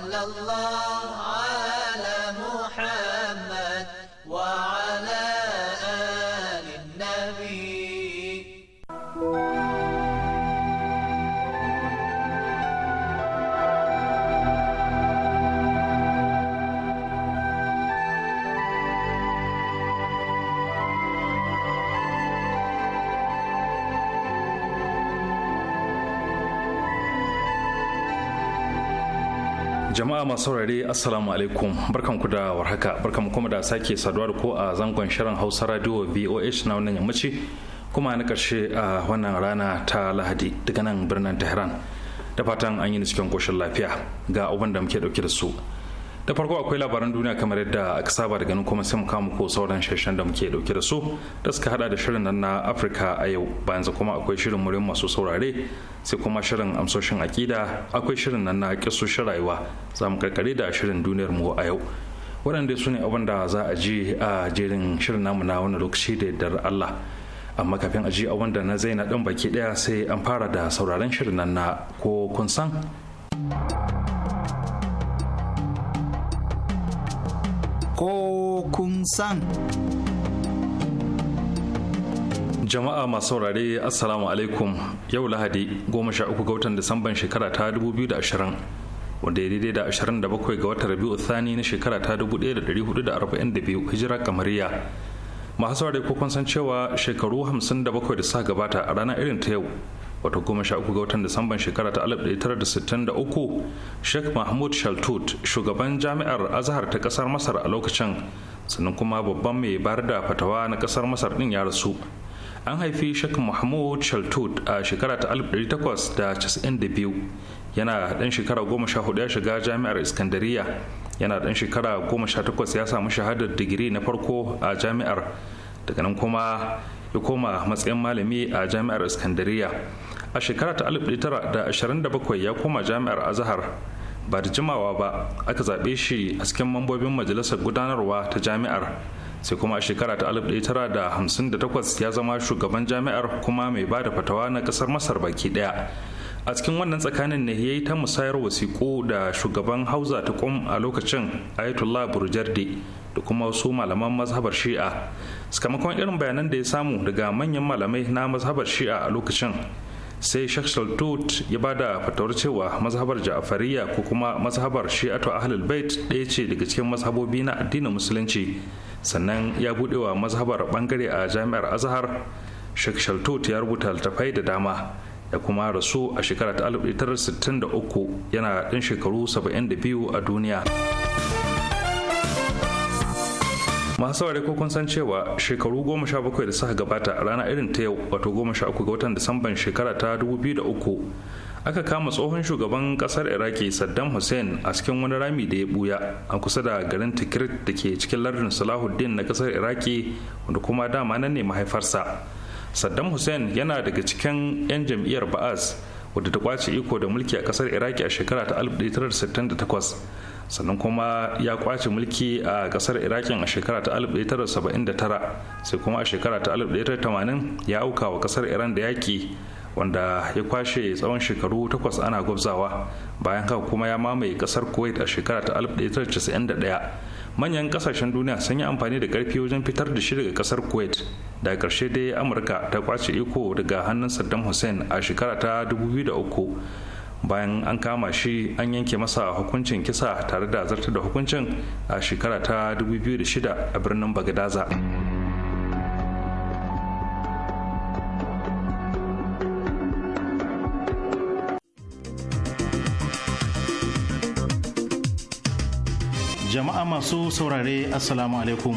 sallallahu masu saurare assalamu alaikum barkan ku da warhaka barkan kuma da sake saduwa da ko a zangon shirin hausa radio voh na wannan yammaci kuma na karshe a wannan rana ta lahadi daga nan birnin tehran da fatan an yi cikin koshin lafiya ga abin da muke dauke da su da farko akwai labaran duniya kamar yadda aka saba da ganin kuma sai mu kama ko sauran shashen da muke dauke da su da suka hada da shirin nan na afirka a yau bayan kuma akwai shirin murin masu saurare sai kuma shirin amsoshin akida akwai shirin nan na kisoshin rayuwa za mu karkare da shirin duniyar mu a yau waɗanda su ne abin da za a ji a jerin shirin namu na wani lokaci da yardar allah amma kafin a ji abin da na zai na ɗan baki ɗaya sai an fara da sauraron shirin nan na ko kun san ko kun san. jama'a masu saurare assalamu alaikum yau lahadi goma sha uku ga watan disamban shekara ta 2020 wanda ya daidai da 27 ga watan rabi'u thani na shekara ta 1442 hijira kamariya masu saurare ko kun san cewa shekaru 57 da suka gabata a ranar irin ta yau wato goma sha uku ga watan disamban shekara ta alif tara da da sittin uku sheikh mahmud shaltut shugaban jami'ar azhar ta kasar masar a lokacin sannan kuma babban mai bayar da fatawa na ƙasar masar ɗin ya rasu an haifi sheikh mahmud shaltut a shekara ta alif takwas da da casa'in biyu yana ɗan shekara goma sha hudu ya shiga jami'ar iskandariya yana ɗan shekara goma sha takwas ya samu shahadar digiri na farko a jami'ar daga nan kuma ya koma matsayin malami a jami'ar iskandariya a shekara ta 1927 ya koma jami'ar azahar ba da jimawa ba aka zaɓe shi a cikin mambobin majalisar gudanarwa ta jami'ar sai kuma a shekara ta 1958 ya zama shugaban jami'ar kuma mai ba da fatawa na ƙasar masar baki ɗaya a cikin wannan tsakanin ne ya yi ta musayar wasiƙu da shugaban hauza ta kum a lokacin ayatollah burjardi da kuma wasu malaman mazhabar shi'a sakamakon irin bayanan da ya samu daga manyan malamai na mazhabar shi'a a lokacin sai shakshaltut saltut ya ba da fatawar cewa mazhabar ja'afariya ko kuma mazhabar shi'atu ahlul bait ɗaya ce daga cikin mazhabobi na addinin musulunci sannan ya buɗe wa mazhabar bangare a jami'ar azhar sheikh saltut ya rubuta littattafai da dama ya kuma rasu a shekara 1963 yana ɗan shekaru 72 a duniya masu saurare ko kun san cewa shekaru goma sha bakwai da suka gabata rana irin ta yau wato goma sha uku ga watan disamban shekara ta dubu biyu da uku aka kama tsohon shugaban kasar iraki saddam hussein a cikin wani rami da ya buya a kusa da garin tikrit da ke cikin lardin salahuddin na kasar iraki wanda kuma dama nan ne mahaifarsa saddam hussein yana daga cikin 'yan jam'iyyar ba'az wadda ta kwace iko da mulki a kasar iraki a shekara ta 1968 sannan kuma ya kwace mulki a kasar irakin a shekara ta 1979 sai kuma a shekara ta 1980 ya auka wa kasar iran da yaki wanda ya kwashe tsawon shekaru takwas ana gwabzawa bayan haka kuma ya mamaye kasar kuwait a shekara ta 1991 manyan kasashen duniya sun yi amfani da karfi wajen fitar da shi daga kasar kuwait da karshe dai amurka ta kwace iko daga hannun saddam hussein a shekara ta 2003 bayan an kama shi an yanke masa hukuncin kisa tare da zartar da hukuncin a shekara ta 2006 a birnin bagadaza. jama'a masu saurare assalamu alaikum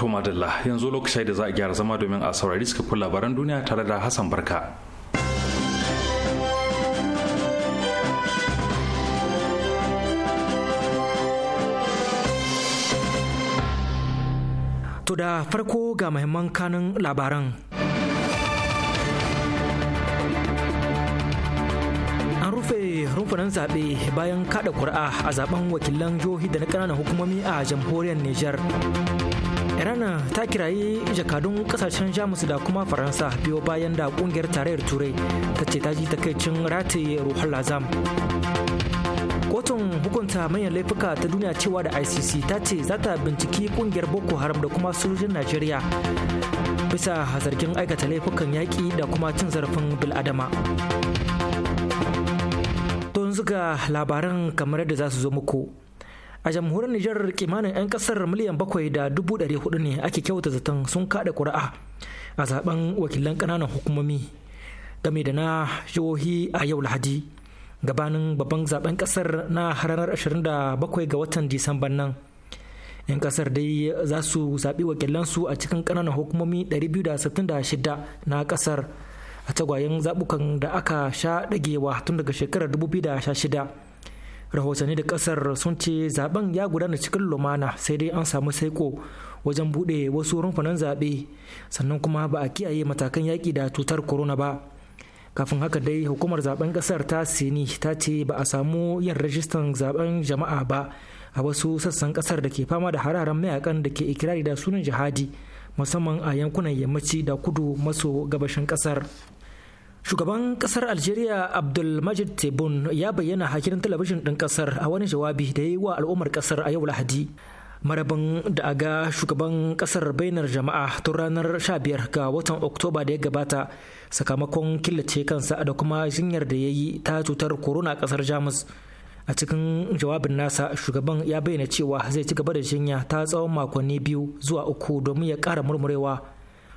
To yanzu lokacin da za a gyara zama domin a saurari suka kula labaran duniya tare da Hassan Barka. To da farko ga mahimman kanin labaran. rumfunan zaɓe bayan kaɗa ƙuri'a a zaben wakilan jihohi da na ƙananan hukumomi a jamhuriyar Nijar. irana ta kirayi jakadun kasashen Jamus da kuma Faransa biyo bayan da ƙungiyar tarayyar Turai ta ce ta ji takaicin rataye Ruhul lazam. Kotun hukunta manyan laifuka ta duniya cewa da ICC ta ce za ta binciki ƙungiyar Boko Haram da kuma sojojin Najeriya bisa zargin aikata laifukan yaƙi da kuma cin zarafin bil'adama. yanzu ga labaran kamar yadda za su zo muku a jamhuriyar Nijar kimanin 'yan kasar miliyan bakwai da dubu ɗari hudu ne ake kyauta zaton sun kaɗa ƙuri'a a zaben wakilan ƙananan hukumomi game da na jihohi a yau lahadi gabanin babban zaben kasar na ranar 27 ga watan disamban nan 'yan kasar dai za su zaɓi wakilansu a cikin ƙananan hukumomi 266 na kasar a tagwayen zabukan da aka sha dagewa tun daga shekarar 2016 rahotanni da kasar sun ce zaben ya gudana cikin lumana sai dai an samu saiko wajen buɗe wasu rumfunan zaɓe sannan kuma ba a kiyaye matakan yaƙi da cutar corona ba kafin haka dai hukumar zaben kasar ta sini ta ce ba a samu yin rajistan zaben jama'a ba a wasu sassan kasar da ke fama da hararen mayakan da ke ikirari da sunan jihadi musamman a yankunan yammaci da kudu maso gabashin kasar shugaban kasar algeria abdulmajid tebun ya bayyana hakirin talabijin ɗin kasar a wani jawabi da ya yi wa al'ummar kasar a yau lahadi marabin da aga shugaban kasar bainar jama'a tun ranar 15 ga watan oktoba da ya gabata sakamakon killace kansa da kuma jinyar da ya yi ta cutar corona kasar jamus a cikin jawabin nasa shugaban ya bayyana cewa zai ci gaba da jinya ta tsawon makonni biyu zuwa uku domin ya kara murmurewa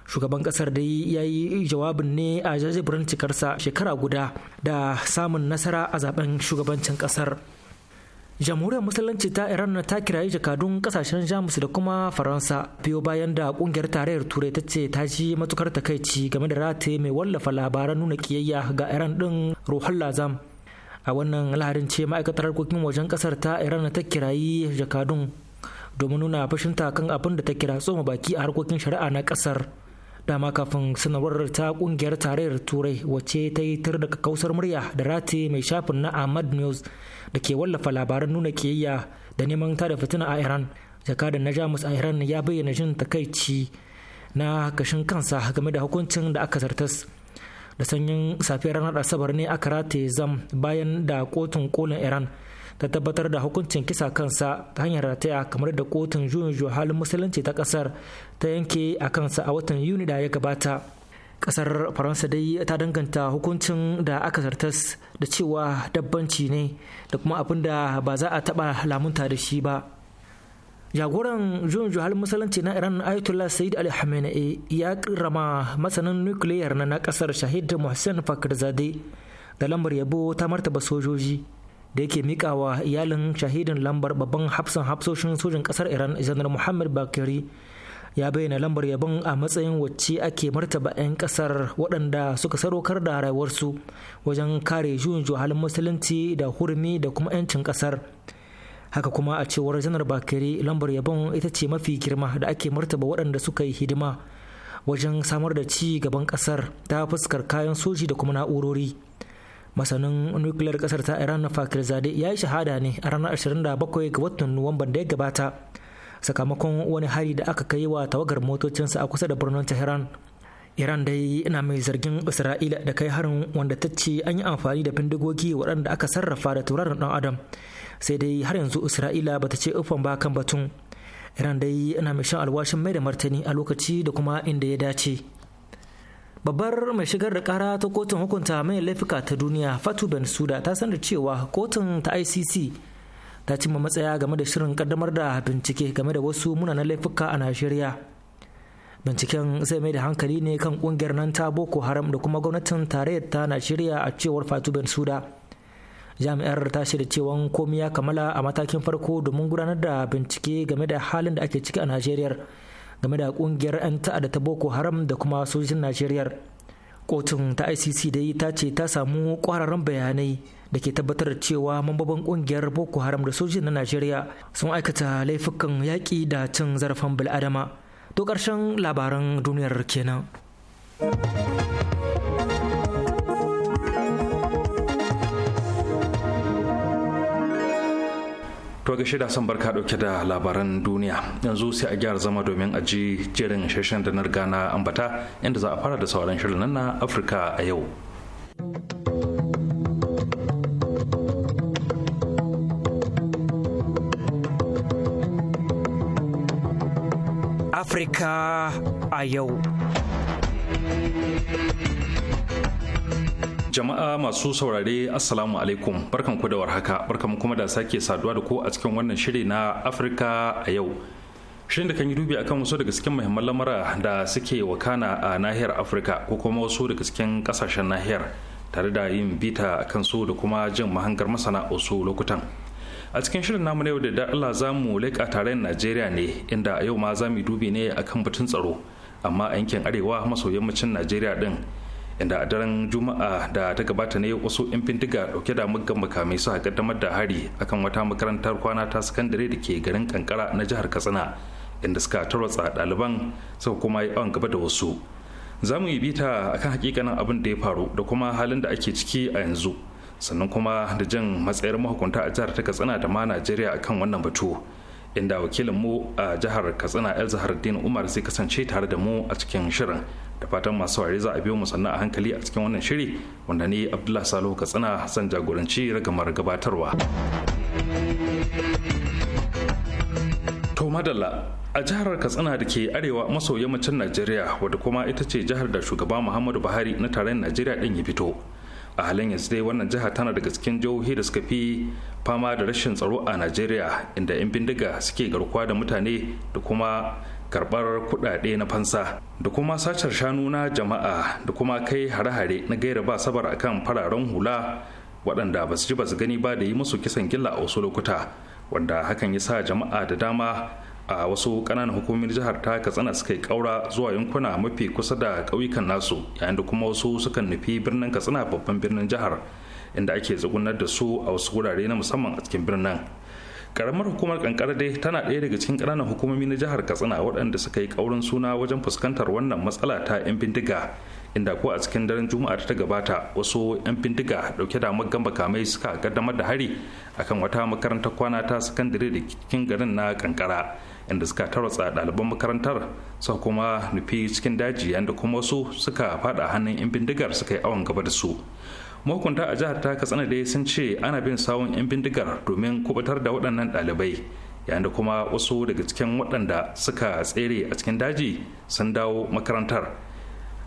shugaban kasar da ya yi jawabin ne a jajibirin cikarsa shekara guda da samun nasara a zaben shugabancin kasar jamhuriyar musulunci ta iran ta kirayi jakadun kasashen jamus da kuma faransa biyo bayan da kungiyar tarayyar turai ta ce ta ji matukar takaici game da rataye mai wallafa labaran nuna kiyayya ga iran din ruhul lazam a wannan lahadin ce ma'aikatar harkokin wajen kasar ta iran ta kirayi jakadun domin nuna fashinta kan abin da ta kira tsoma baki a harkokin shari'a na kasar dama kafin sanarwar ta kungiyar tarayyar turai wacce ta yi tar da kausar murya da rati mai shafin na ahmad news da ke wallafa labaran nuna kiyayya da neman tada fitina a iran jakadun na jamus a iran ya bayyana jin takaici na kashin kansa game da hukuncin da aka zartas da sanyin safiyar ranar asabar ne aka rataye zam bayan da kotun kolin iran ta tabbatar da hukuncin kisa kansa ta hanyar rataya kamar da kotun juyin halin musulunci ta kasar ta yanke a kansa a watan yuni da ya gabata kasar faransa dai ta danganta hukuncin da aka zartas da cewa dabbanci ne da kuma abin da ba za a taba lamunta da shi ba jagoran juyin musulunci na iran ayatollah sayyid ali khamenei ya kirama masanin nukiliyar na kasar shahid muhsin fakirzade da lambar yabo ta martaba sojoji da yake mikawa iyalin shahidin lambar babban hafsan hafsoshin sojin kasar iran janar muhammad bakiri ya bayyana lambar yabon a matsayin wacce ake martaba 'yan kasar waɗanda suka sarokar da rayuwarsu wajen kare juyin juhalin musulunci da hurmi da kuma 'yancin kasar. haka kuma a cewar janar bakare lambar yabon ita ce mafi girma da ake martaba waɗanda suka yi hidima wajen samar da ci gaban ƙasar ta fuskar kayan soji da kuma na'urori masanin nukiliyar ƙasar ta iran na fakir zade ya yi shahada ne a ranar 27 ga watan nuwamban da ya gabata sakamakon wani hari da aka kai wa tawagar motocinsa a kusa da birnin tehran Iran dai na mai zargin Isra'ila da kai harin wanda ta ce an yi amfani da bindigogi waɗanda aka sarrafa da turaren dan Adam sai dai har yanzu isra'ila bata ce ufan ba kan batun iran dai ina mai shan alwashin mai da martani a lokaci da kuma inda ya dace babbar mai shigar da kara ta kotun hukunta mai laifuka ta duniya fatu ben suda ta sanar cewa kotun ta icc ta cimma matsaya game da shirin kaddamar da bincike game da wasu munanan laifuka a najeriya binciken zai mai da hankali ne kan kungiyar nan ta boko haram da kuma gwamnatin tarayyar ta najeriya a cewar fatu ben suda jami'ar ta shirya cewa komai ya kammala a matakin farko domin gudanar da bincike game da halin da ake ciki a najeriya game da kungiyar 'yan ta'adda ta boko haram da kuma sojojin najeriya kotun ta icc dai ta ce ta samu kwararren bayanai da ke tabbatar da cewa mambobin kungiyar boko haram da sojojin na najeriya sun aikata laifukan yaƙi da cin zarafin bil'adama to karshen labaran duniyar kenan To ga shida son barka dauke da labaran duniya yanzu sai a gyara zama domin a ji jerin shashen da na na ambata inda za a fara da sauran shirin nan na Afirka a yau. Afirka a yau. Jama'a masu saurare Assalamu alaikum barkan ku da warhaka barkan kuma da sake saduwa da ku a cikin wannan shiri na Afirka a yau. Shirin da kan yi dubi akan wasu daga cikin muhimman lamura da suke wakana a nahiyar Afirka ko kuma wasu daga cikin kasashen nahiyar tare da yin bita a su da kuma jin mahangar masana wasu lokutan. a cikin shirin namu na yau da Allah za mu leƙa tarayyar Najeriya ne inda a yau ma za mu dubi ne akan batun tsaro amma a yankin arewa maso yammacin Najeriya din inda a daren juma'a da ta gabata ne wasu 'yan bindiga dauke da muggan makamai su kaddamar da hari akan wata makarantar kwana ta sakandare da ke garin kankara na jihar katsina inda suka tarwatsa ɗaliban suka kuma yi awon gaba da wasu za mu yi bita akan hakikanin abin da ya faru da kuma halin da ake ciki a yanzu sannan kuma da jin matsayar mahukunta a jihar ta katsina da ma najeriya akan wannan batu inda wakilinmu a jihar katsina el din umar zai kasance tare da mu a cikin shirin da fatan masu ware za a biyo mu sannan a hankali a cikin wannan shiri wanda ni abdullahi salo katsina zan jagoranci ragamar gabatarwa to madalla a jihar katsina da ke arewa maso yammacin najeriya wadda kuma ita ce jihar da shugaba muhammadu buhari na tarayyar najeriya din ya fito a halin yanzu dai wannan jiha tana daga cikin jihohi da suka fi fama da rashin tsaro a najeriya inda 'yan bindiga suke garkuwa da mutane da kuma karbar kudade na fansa da kuma sacar shanu na jama'a da kuma kai hare-hare na gaira ba sabar akan fararen hula waɗanda ba su ji ba su gani ba da yi musu kisan gilla a wasu lokuta wanda hakan ya sa jama'a da dama a wasu ƙananan hukumomin jihar ta katsina suka yi ƙaura zuwa yankuna mafi kusa da ƙauyukan nasu yayin da kuma wasu sukan nufi birnin katsina babban birnin jihar inda ake tsugunar da su a wasu wurare na musamman a cikin birnin karamar hukumar kankara dai tana ɗaya daga cikin ƙananan hukumomi na jihar katsina waɗanda suka yi ƙaurin suna wajen fuskantar wannan matsala ta 'yan bindiga inda ko a cikin daren juma'a ta gabata wasu 'yan bindiga dauke da magamba kamai suka kaddamar da hari akan wata makarantar kwana ta sakandare da cikin garin na kankara inda suka tarwatsa ɗaliban makarantar suka kuma nufi cikin daji yadda kuma wasu suka faɗa hannun 'yan bindigar suka yi awon gaba da su mahukunta a jihar ta katsina dai sun ce ana bin sawun 'yan bindigar domin kubutar da waɗannan ɗalibai yayin da kuma wasu daga cikin waɗanda suka tsere a cikin daji sun dawo makarantar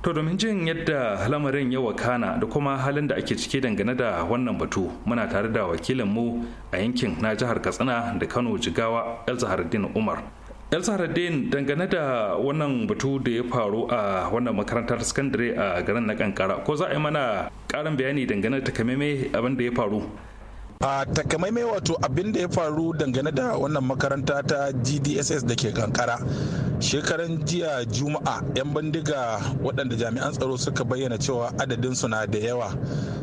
to domin jin yadda lamarin ya wakana da kuma halin da ake ciki dangane da wannan batu muna tare da wakilinmu a yankin na jihar katsina da kano jigawa el umar el saharaddin dangane da wannan batu da ya faru a wannan makarantar sakandare a garin na kankara ko za a yi mana karin bayani dangane da takamaimai abin da ya faru a takamaimai wato abin da ya faru dangane da wannan makaranta ta gdss da ke kankara shekaran jiya juma'a 'yan bindiga waɗanda jami'an tsaro suka bayyana cewa adadinsu na da yawa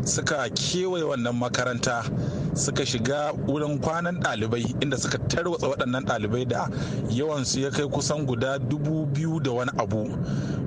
suka kewaye wannan makaranta suka shiga wurin kwanan ɗalibai inda suka tarwatsa waɗannan ɗalibai da yawansu ya kai kusan guda dubu biyu da wani abu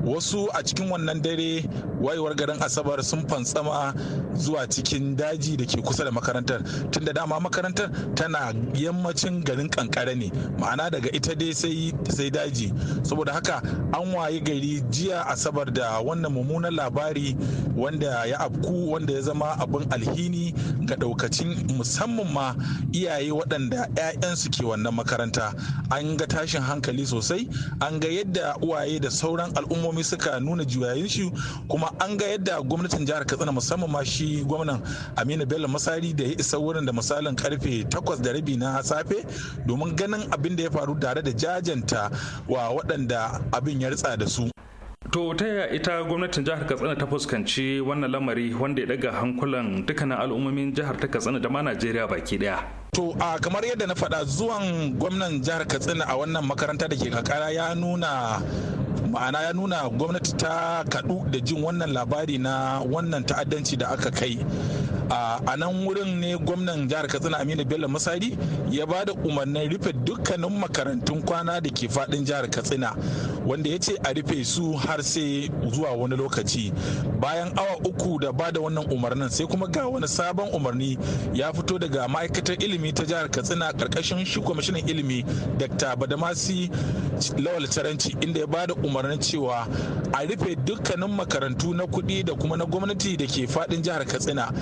wasu a cikin wannan dare wayewar garin asabar sun fantsama zuwa cikin daji da ke kusa da makarantar tun da dama makarantar tana yammacin garin kankara ne ma'ana daga ita dai sai sai daji saboda haka an waye gari jiya asabar da wannan mummunan labari wanda ya afku wanda ya zama abin alhini ga daukacin musamman ma iyaye waɗanda 'ya'yansu ke wannan makaranta an ga tashin hankali sosai an ga yadda uwaye da sauran al'ummomi suka nuna juyayin shi kuma an ga yadda gwamnatin jihar katsina musamman ma shi gwamnan aminu bello masari da ya isa wurin da misalin karfe 8:30 na safe domin ganin abin da ya faru tare da jajanta wa waɗanda abin ya ritsa da su To ta yaya ita gwamnatin jihar Katsina ta fuskanci wannan lamari wanda ya daga hankulan dukkanin al'ummomin jihar ta Katsina da ma Najeriya baki daya. To a kamar yadda na faɗa zuwan gwamnan jihar Katsina a wannan makaranta da ke kakara ya nuna ma'ana ya nuna gwamnati ta kaɗu da jin wannan labari na wannan ta'addanci da aka kai a nan wurin ne gwamnan jihar katsina aminu bello masari ya ba da umarnin rufe dukkanin makarantun kwana da ke faɗin jihar katsina wanda ya ce a rufe su har sai zuwa wani lokaci bayan awa uku da ba da wannan umarnin sai kuma ga wani sabon umarni ya fito daga ma'aikatar ilimi ilimi ta jihar katsina karkashin shi kwamishinan ilimi dr badamasi lawal taranci inda ya bada umarnin cewa a rufe dukkanin makarantu na kuɗi da kuma na gwamnati da ke faɗin jihar katsina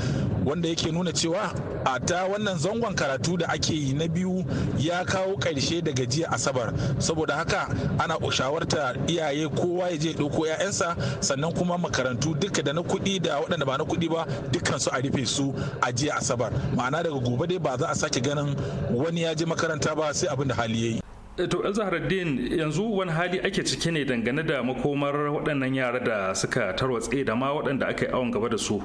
wanda yake nuna cewa a ta wannan zangon karatu da ake yi na biyu ya kawo ƙarshe da gajiya asabar saboda haka ana shawarta iyaye kowa ya je ɗauko 'ya'yansa sannan kuma makarantu duka da na kuɗi da waɗanda ba na kuɗi ba dukkan su a rufe su a jiya asabar ma'ana daga gobe dai ba za a sake ganin wani ya je makaranta ba sai abin da hali ya yi eh, to zaharaddin yanzu wani hali ake ciki ne dangane da makomar waɗannan yara da suka tarwatse da ma waɗanda aka yi awon gaba da su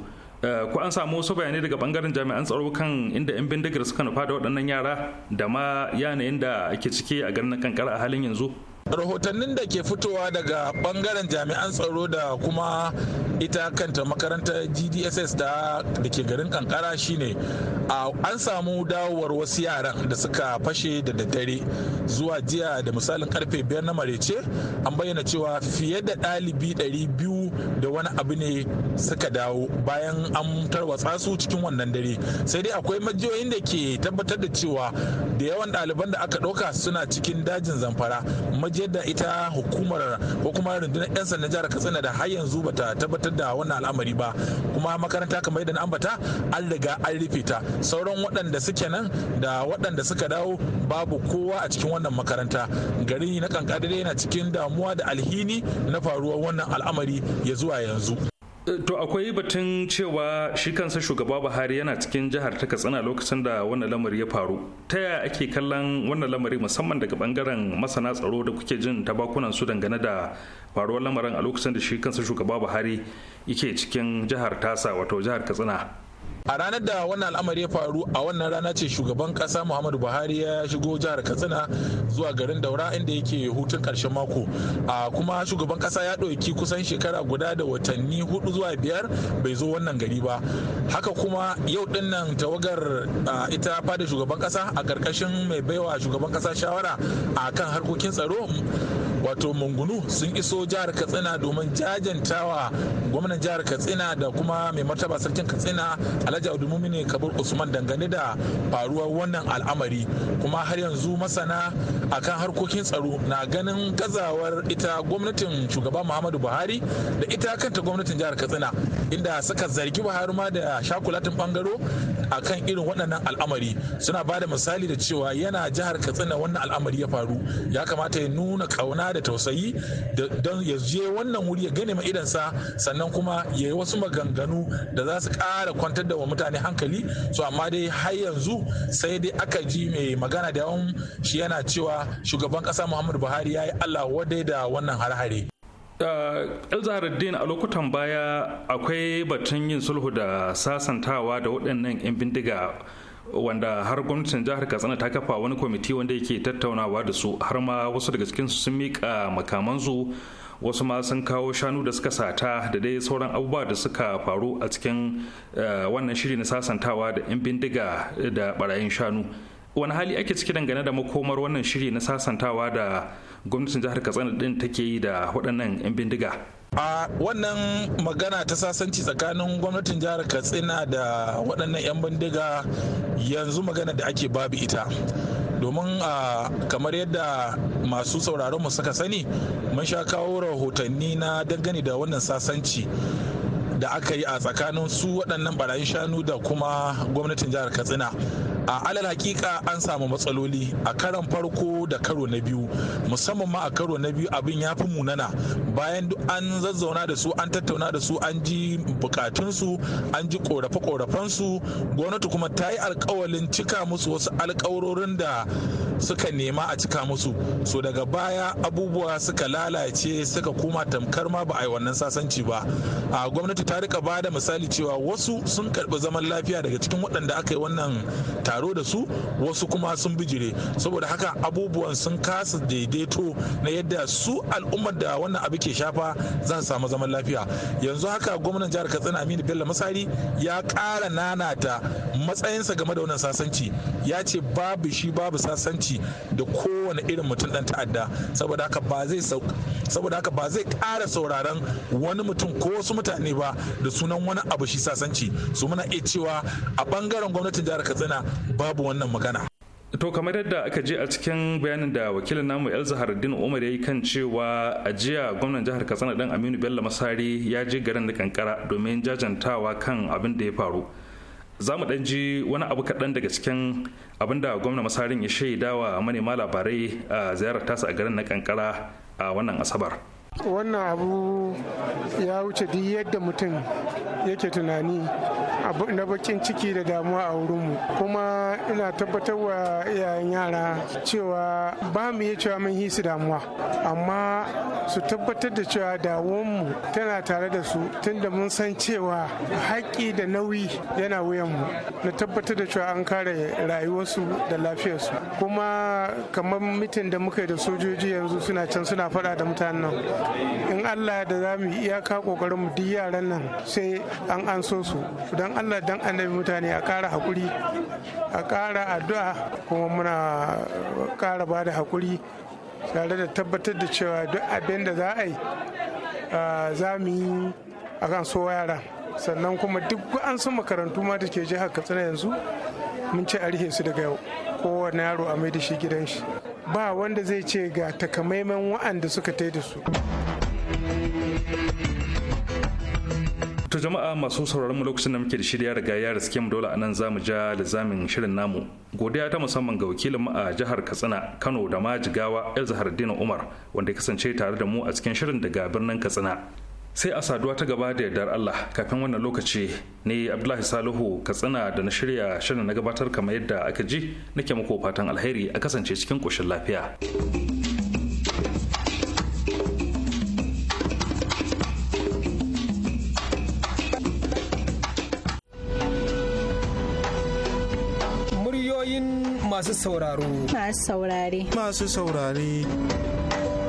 eh, ko an samu wasu bayanai daga bangaren jami'an tsaro kan inda 'yan bindigar suka nufa da waɗannan yara da ma yanayin da ake ciki a garin kankara a halin yanzu rahotannin da ke fitowa daga bangaren jami'an tsaro da kuma ita kanta makarantar gdss da ke garin kankara shine an samu dawowar wasu yaran da suka fashe da daddare zuwa jiya da misalin karfe biyar na marece an bayyana cewa fiye da ɗalibi 200 da wani abu ne suka dawo bayan an tarwatsa su cikin wannan dare sai dai akwai majiyoyin da ke tabbatar da cewa da yawan ɗaliban da aka ɗauka suna cikin dajin zamfara majiyar da ita hukumar ko kuma rundunar 'yan sanda jihar katsina da har yanzu bata tabbatar da wannan al'amari ba kuma makaranta kamar yadda ambata an riga an rufe ta sauran waɗanda suke nan da waɗanda suka dawo babu kowa a cikin wannan makaranta gari na kankadare yana cikin damuwa da alhini na faruwar wannan al'amari ya zuwa yanzu eh, to akwai batun cewa shi kansa shugaba buhari yana cikin jihar ta katsina lokacin da wannan lamari ya faru ta yaya ake kallon wannan lamari musamman daga bangaren masana tsaro da kuke jin ta tabakunan su dangane da faruwar lamarin a lokacin da shi kansa shugaba buhari yake cikin jihar tasa wato jihar katsina a ranar da wannan al'amari ya faru a wannan rana ce shugaban kasa muhammadu buhari ya shigo jihar katsina zuwa garin daura inda yake hutun karshen mako a kuma shugaban kasa ya ɗauki kusan shekara guda da watanni hudu zuwa biyar bai zo wannan gari ba haka kuma yau din tawagar ita fada shugaban kasa a ƙarƙashin mai baiwa shugaban kasa shawara a kan harkokin tsaro wato mungunu sun iso jihar katsina domin jajantawa gwamnan jihar katsina da kuma mai martaba sarkin katsina alhaji abdulmumini kabir usman dangane da faruwar wannan al'amari kuma har yanzu masana akan harkokin tsaro na ganin gazawar ita gwamnatin shugaba muhammadu buhari da ita kanta gwamnatin jihar katsina inda suka zargi buhari ma da shakulatin bangaro akan irin waɗannan al'amari suna bada misali da cewa yana jihar katsina wannan al'amari ya faru ya kamata ya nuna kauna da tausayi don ya je wannan wuri ya gane ma'idansa sannan kuma ya yi wasu maganganu da za su ƙara kwantar da wa mutane hankali so amma dai har yanzu sai dai aka ji mai magana da yawan shi yana cewa shugaban ƙasa muhammadu buhari ya yi allah wadai da wannan harhare uh, hare din a lokutan baya akwai batun yin sulhu da sasantawa da waɗannan 'yan bindiga wanda har gwamnatin jihar katsina ta kafa wani kwamiti wanda yake tattaunawa da su har ma wasu daga cikinsu sun miƙa makamansu wasu ma sun kawo shanu da suka sata da dai sauran abubuwa da suka faru a cikin eh, wannan shiri na sasantawa da 'yan bindiga da barayin shanu wani hali ake ciki dangane da makomar wannan shiri na sasantawa da gwamnatin jihar katsina din take yi da waɗannan 'yan bindiga a wannan magana ta sasanci tsakanin gwamnatin jihar katsina da waɗannan 'yan bindiga yanzu magana da ake babu ita domin a kamar yadda masu sauraron mu suka sani mun sha kawo rahotanni na dangane da wannan sasanci da aka yi a tsakanin su waɗannan barayin shanu da kuma gwamnatin jihar katsina a alal hakika an samu matsaloli a karon farko da karo na biyu musamman ma a karo na biyu abin ya fi munana bayan an zazzauna da su an tattauna da su an ji bukatunsu an ji korafe-korafensu gwamnati kuma ta yi alkawalin cika musu wasu alkawarorin da suka nema a cika musu so daga baya abubuwa suka lalace suka koma tamkar ma ba a yi wannan sasanci ba a gwamnati ta rika ba da misali cewa wasu sun karɓi zaman lafiya daga cikin waɗanda aka yi wannan taro da su wasu kuma sun bijire saboda haka abubuwan sun kasa daidaito na yadda su al'ummar da wannan abu ke shafa za su samu zaman lafiya yanzu haka gwamnan jihar katsina aminu bello masari ya ƙara nanata matsayinsa game da wannan sasanci ya ce babu shi babu sasanci da kowane irin mutum dan ta'adda saboda haka ba zai saboda haka ba zai ƙara sauraron wani mutum ko wasu mutane ba da sunan wani abu shi sasanci su muna iya cewa a bangaren gwamnatin jihar katsina babu wannan magana To kamar yadda aka je a cikin bayanin da wakilin namu El Umar ya yi kan cewa a jiya gwamnan jihar Katsina dan Aminu Bello Masari ya je garin da kankara domin jajantawa kan abin da ya faru. Za mu dan ji wani abu kaɗan daga cikin abin da gwamnan Masarin ya shaidawa manema labarai a ziyarar tasa a garin na kankara a wannan Asabar. wannan abu ya wuce duk yadda mutum yake tunani na bakin ciki da damuwa a wurinmu kuma ina tabbatar wa iyayen yara cewa ba mu iya cewa mun hisi damuwa amma su tabbatar da cewa damuwanmu tana tare da su tunda mun san cewa haƙƙi da nauyi yana wuyanmu na tabbatar da cewa an kare rayuwarsu da lafiyarsu kuma kamar mitin da muka yi da sojoji yanzu suna can suna faɗa da mutanen in allah da za mu iyaka kokarin mu duk yaran nan sai an an so su don allah dan annabi mutane a kara hakuri a kara addu'a kuma muna kara ba da hakuri tare da tabbatar da cewa duk abin da za a yi za mu yi a kan so yara sannan kuma duk an su makarantu ma da ke jihar katsina yanzu mun ce a rihe su daga yau kowane yaro a mai da shi gidan shi ba wanda zai ce ga takamaiman wa'anda suka tai da su To jama'a masu sauraron mu lokacin da muke da shirya riga ya riske mu dole anan zamu ja lizamin shirin namu. Godiya ta musamman ga wakilin mu a jihar Katsina, Kano da ma Jigawa El Umar wanda ya kasance tare da mu a cikin shirin daga birnin Katsina. sai a saduwa ta gaba da yardar Allah kafin wannan lokaci ne Abdullahi Salihu ka tsina da na shirya shirin na gabatar kamar yadda aka ji nake muku fatan alheri a kasance cikin koshin lafiya. Muryoyin masu sauraro. Masu saurare. Masu saurare.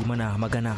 yi mana magana.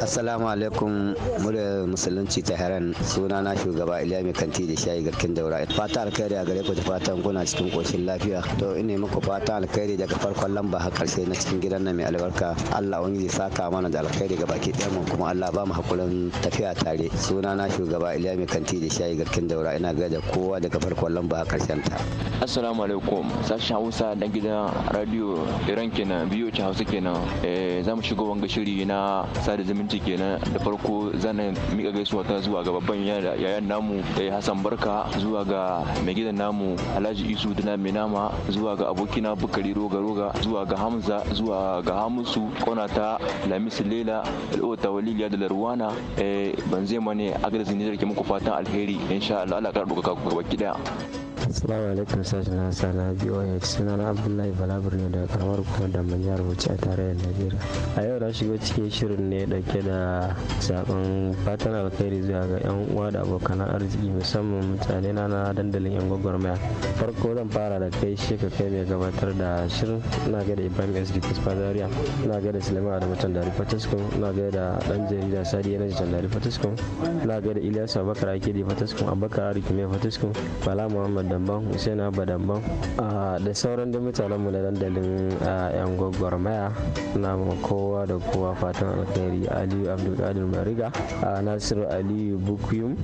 Assalamu alaikum murya musulunci ta Heran suna na shugaba Iliya kanti da shayi garkin daura. Fata alkhairi a gare ku da fatan kuna cikin koshin lafiya. To ina muku fata alkhairi daga farkon lamba har karshe na cikin gidan nan mai albarka. Allah wani zai saka mana da alkhairi ga baki ɗaya mu kuma Allah ba mu hakurin tafiya tare. Suna na shugaba Iliya kanti da shayi garkin daura ina gaida kowa daga farkon lamba har karshen ta. Assalamu alaikum sashen Hausa dan gidan radio Iran kenan biyo Hausa kenan. Eh za mu shigo wanga shiri. shiri na sada zumunci kenan da farko zan mika gaisuwa ta zuwa ga babban yayan namu eh, Hassan Barka zuwa ga mai gidan namu Alhaji Isu mai nama zuwa ga abokina Bukari Roga Roga zuwa ga Hamza zuwa ga hamusu Konata Lamis Lela Al'ota Waliliya da Larwana eh, ban zai mane agazin ne ke muku fatan alheri insha Allah Allah ka gaba Assalamu alaikum sashen Hausa na BOF suna na Abdullahi Balabur ne da karamar kuma da manjar Bauchi a tarayyar Najeriya. A yau na shigo cikin shirin ne dauke da sakon fatan alkhairi zuwa ga yan uwa da abokan arziki musamman mutane na na dandalin yan gwagwarmaya. Farko zan fara da kai shi ka kai mai gabatar da shirin ina ga da Ibrahim SD Kuspadariya ina ga da Sulaiman Adamu Tandari Fatasko ina ga da dan jarida Sadi Yanaji Tandari Fatasko ina ga da Ilyas Abubakar Akidi Fatasko Abubakar Arikime Fatasko Bala Muhammad Badamban Husaina Badamban ah, da sauran da mutanen mu na dandalin ah, yan maya na kowa da kowa fatan alkhairi Aliyu Abdulkadir Mariga ah, Nasiru Aliyu Bukuyum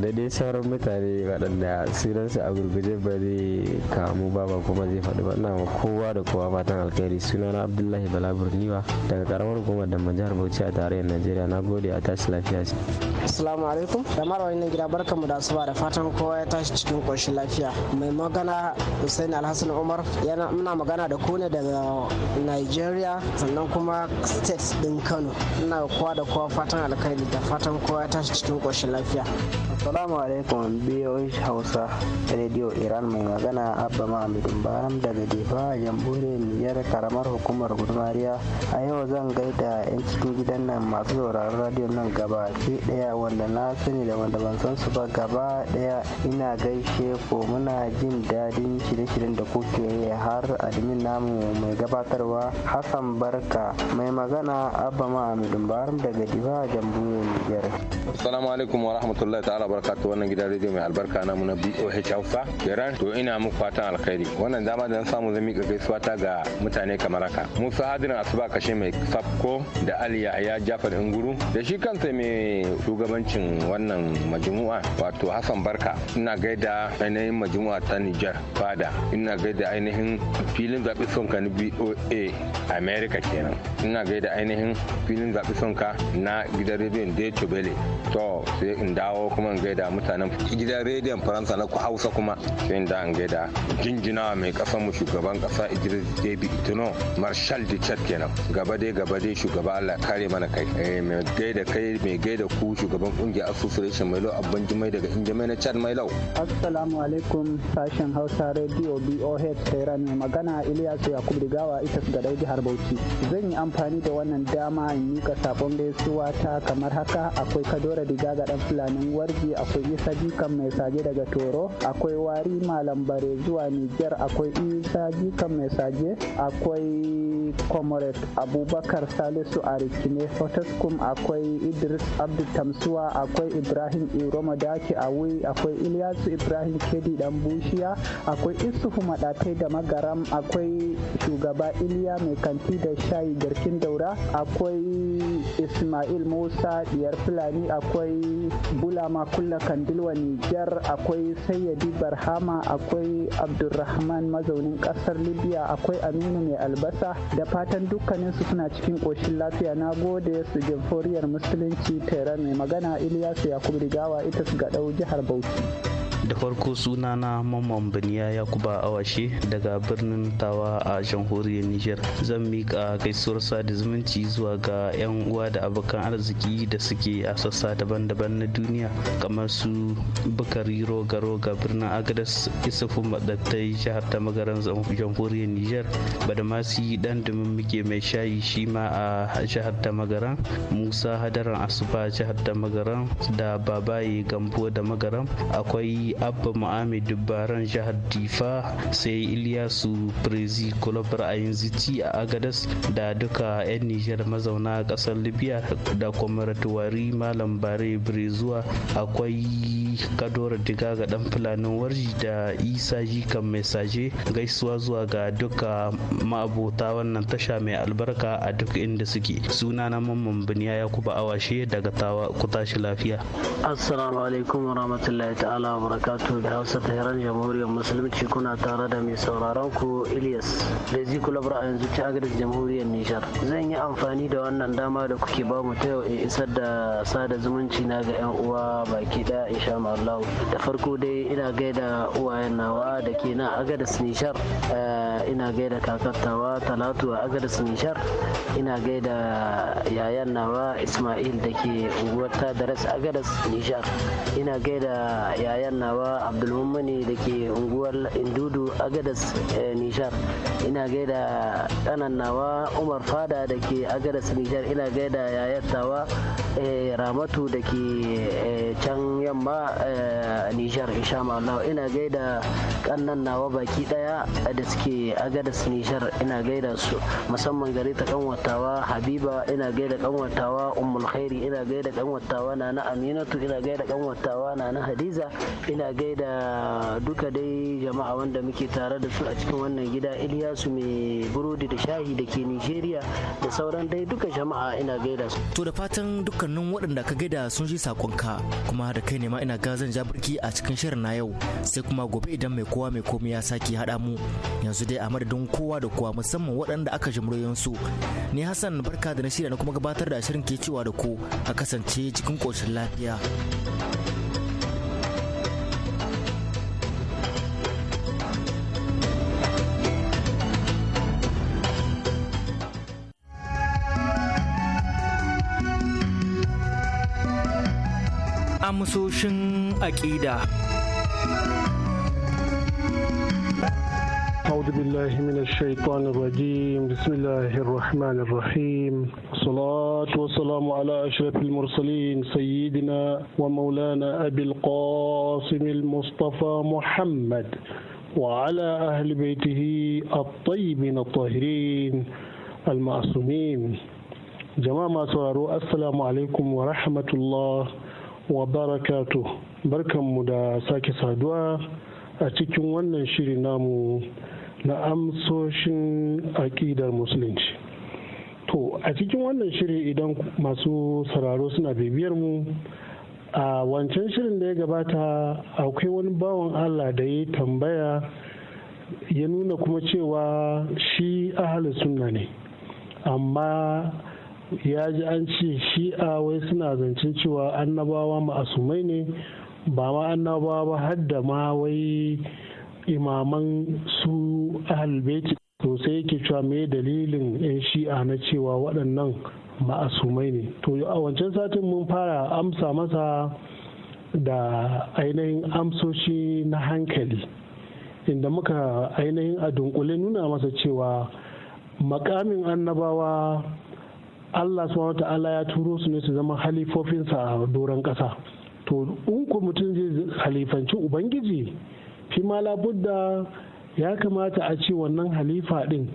da dai sauran mutane waɗanda sunansu a gurguje ba zai kamu ba ba kuma zai faɗi ba na kowa da kowa fatan alkhairi sunana Abdullahi Bala Burniwa daga karamar hukumar da jihar Bauchi a tarayyar Najeriya na gode a tashi lafiya ce. Assalamu alaikum da mara wani gida barkanmu da asuba da fatan kowa ya tashi cikin ƙoshin lafiya. mai magana hussein alhassan umar yana muna magana da ku ne daga nigeria sannan kuma state din kano ina kowa da kowa fatan alkhairi da fatan kowa ya tashi cikin koshin lafiya assalamu alaikum biyoyi hausa radio iran mai magana abba mahamudin baram daga defa jamhuriyar nijar karamar hukumar gudumariya a yau zan gaida yan cikin gidan nan masu sauraron radio nan gaba ke daya wanda na sani da wanda ban san su ba gaba daya ina gaishe ko muna jin daɗin shirye-shiryen da kuke har admin namu mai gabatarwa Hassan Barka mai magana Abba Ma'amudin Baram daga diva Jamhuriyar niger Assalamu alaikum wa rahmatullahi ta'ala barakatuh wannan gidan rediyo mai albarka namu na BOH Hausa. Iran to ina muku fatan alkhairi. Wannan dama da na samu zan miƙa gaisuwa ga mutane kamar haka. Musa Hadirin Asuba kashe mai Safko da Ali yahya Jafar Inguru da shi kansa mai shugabancin wannan majmu'a wato Hassan Barka. Ina gaida ainihin majmu'a al'umma ta Nijar fada ina gaida ainihin filin zaɓi sonka na BOA America kenan ina gaida ainihin filin zaɓi sonka na gidan rediyon da Welle to sai in dawo kuma in gaida mutanen gidan rediyon Faransa na ku Hausa kuma sai in da in gaida jinjina mai ƙasar mu shugaban ƙasa Idris Deby Itno Marshal de Chat kenan gaba dai gaba dai shugaba Allah kare mana kai eh, mai gaida kai mai gaida ku shugaban kungiyar association lau Abban Jimai daga Injimai na Chad lau assalamu alaikum alaikum sashen Hausa Radio BOH Tehran mai magana Ilyasu yakub Digawa ita su gadai jihar Bauchi. Zan yi amfani da wannan dama in mika sakon gaisuwa ta kamar haka akwai Kadora Diga ga dan Fulanin Warji akwai Isa Jikan mai saje daga Toro akwai Wari Malam Bare zuwa Niger akwai Isa Jikan mai saje akwai comrade abubakar salisu a rikine fortescue akwai idris abdu tamsuwa akwai ibrahim iroma daki awi akwai ilyasu ibrahim kedi dan bushiya akwai isufu madatai da magaram akwai shugaba iliya mai kanti da shayi garkin daura akwai ismail musa diyar fulani akwai bulama kulla kandilwa nijar akwai sayyadi barhama akwai abdulrahman mazaunin kasar libya akwai aminu mai albasa da fatan dukkaninsu suna cikin ƙoshin lafiya na gode su jamhuriyar musulunci tare mai magana ilyasu yakubu rigawa ita su ga ɗau jihar bauchi. da farko sunana na mamman biniya yakuba awashe daga birnin tawa a jamhuriyar niger zan mika gaisuwar da zumunci zuwa ga 'yan uwa da abokan arziki da suke a sassa daban-daban na duniya kamar su bukari roga-roga birnin agadas isufu madattai jihar ta magaran jamhuriyar niger badamasi dan dumin muke mai shayi shi ma a jihar ta magaran musa hadaran asuba jihar ta magaran da babaye gambo da magaran akwai abba mu'amid dubbaran jihar difa sai iliyasu prezi kolobar a yanzu a agadas da duka 'yan nijar mazauna kasar libya da kwamar malam bare brezuwa akwai alkali kadora diga ga dan fulanin warji da isa kan mai saje gaisuwa zuwa ga duka ma'abota wannan tasha mai albarka a duk inda suke suna na mamman biniya ya kuba awashe daga tawa ku tashi lafiya assalamu alaikum wa rahmatullahi ta'ala wa barakatu da hausa ta yaran jamhuriyar musulunci kuna tare da mai sauraron ku ilyas da a yanzu ta agris jamhuriyar nijar zan yi amfani da wannan dama da kuke ba mu ta yau in isar da sada zumunci na ga yan uwa baki daya in sha insha Allah da farko dai ina gaida uwayen nawa da ke na agadas nishar eh, ina gaida kakattawa talatu a agadas nishar ina gaida yayan nawa ismail da ke unguwar daras agadas nishar ina gaida yayan nawa abdulmumani da ke unguwar indudu agadas eh, nishar ina gaida ɗanan nawa umar fada da ke agadas nishar ina gaida yayan tawa eh, ramatu da ke can yamma Eh, Nijar insha Allah ina gaida kannan nawa baki daya da suke agadas Nijar ina gaida su musamman gare ta kanwatawa Habiba ina gaida kanwatawa Ummul Khairi ina gaida kanwatawa Nana Aminatu ina gaida kanwatawa Nana Hadiza ina gaida duka dai jama'a wanda muke tare da su a cikin wannan gida Ilyasu mai burodi da shahi da ke nigeria da sauran dai duka jama'a ina gaida su to da fatan dukkanin waɗanda ka gaida sun ji sakonka kuma da kai ne ma ina haka zan ja birki a cikin shirin na yau sai kuma gobe idan mai kowa mai komai ya sake haɗa mu yanzu dai a madadin kowa da kowa musamman waɗanda aka ji su ni hassan barka da na shirya na kuma gabatar da shirin ke cewa da ku a kasance cikin ƙoshin lafiya. amsoshin aƙida. أعوذ بالله من الشيطان الرجيم بسم الله الرحمن الرحيم الصلاة والسلام على أشرف المرسلين سيدنا ومولانا أبي القاسم المصطفى محمد وعلى أهل بيته الطيبين الطاهرين المعصومين جماعة masu sauraro assalamu alaikum wa wa barakatu barkanmu da sake saduwa a cikin wannan shiri namu na amsoshin aƙidar musulunci to a cikin wannan shiri idan masu sauraro suna bibiyar mu a wancan shirin da ya gabata akwai wani bawan allah da ya tambaya ya nuna kuma cewa shi ahalin sunna ne amma ya ji an ce shi'a wai suna zancen cewa annabawa ma'asumai ne ba ma annabawa ba har da ma wai imaman su ahalbeci to sai yake cewa me dalilin 'yan shi'a na cewa waɗannan ma'asumai ne to a wancan satin mun fara amsa masa da ainihin amsoshi na hankali inda muka ainihin a dunkule nuna masa cewa makamin annabawa Allah subhanahu ta'ala ya turo su ne su zama halifofinsa a doron ƙasa to in ku mutum zai halifanci ubangiji fi ma labudda ya kamata a ce wannan halifa ɗin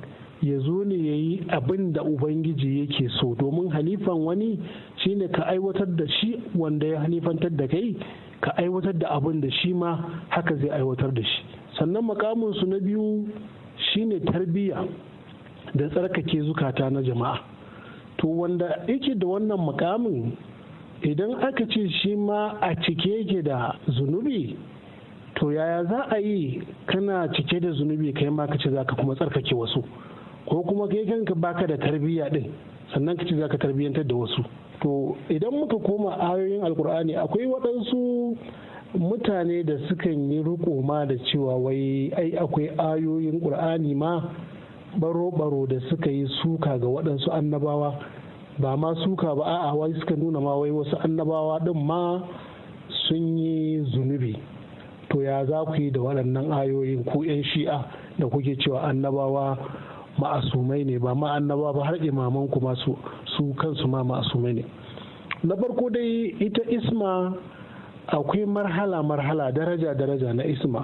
ya zo ne ya yi abin da ubangiji yake so domin halifan wani shine ka aiwatar da shi wanda ya halifantar da kai ka aiwatar da abin da shi ma haka zai aiwatar da shi sannan makamunsu na biyu shine tarbiyya da tsarkake zukata na jama'a to wanda yake da wannan mukamin idan aka ce shi ma a cike yake da zunubi to yaya za a yi kana cike da zunubi kai ma ka ce za ka kuma tsarkake wasu ko kuma kai kanka baka da tarbiyya din sannan ka ce za ka tarbiyyantar da wasu to idan muka koma ayoyin alkur'ani akwai waɗansu mutane da sukan yi riko ma da cewa wai ai akwai ayoyin ƙur'ani ma baro-baro da suka yi suka ga waɗansu annabawa ba ma suka ba a'a wai suka nuna ma wai wasu annabawa ɗin ma sun yi zunubi to ya za ku yi da waɗannan ayoyin ku 'yan shi'a da kuke cewa annabawa ma'asumai ne ba ma annaba ba har imaman ku ma su kansu ma ma'asumai ne na farko dai ita isma akwai marhala marhala daraja daraja na isma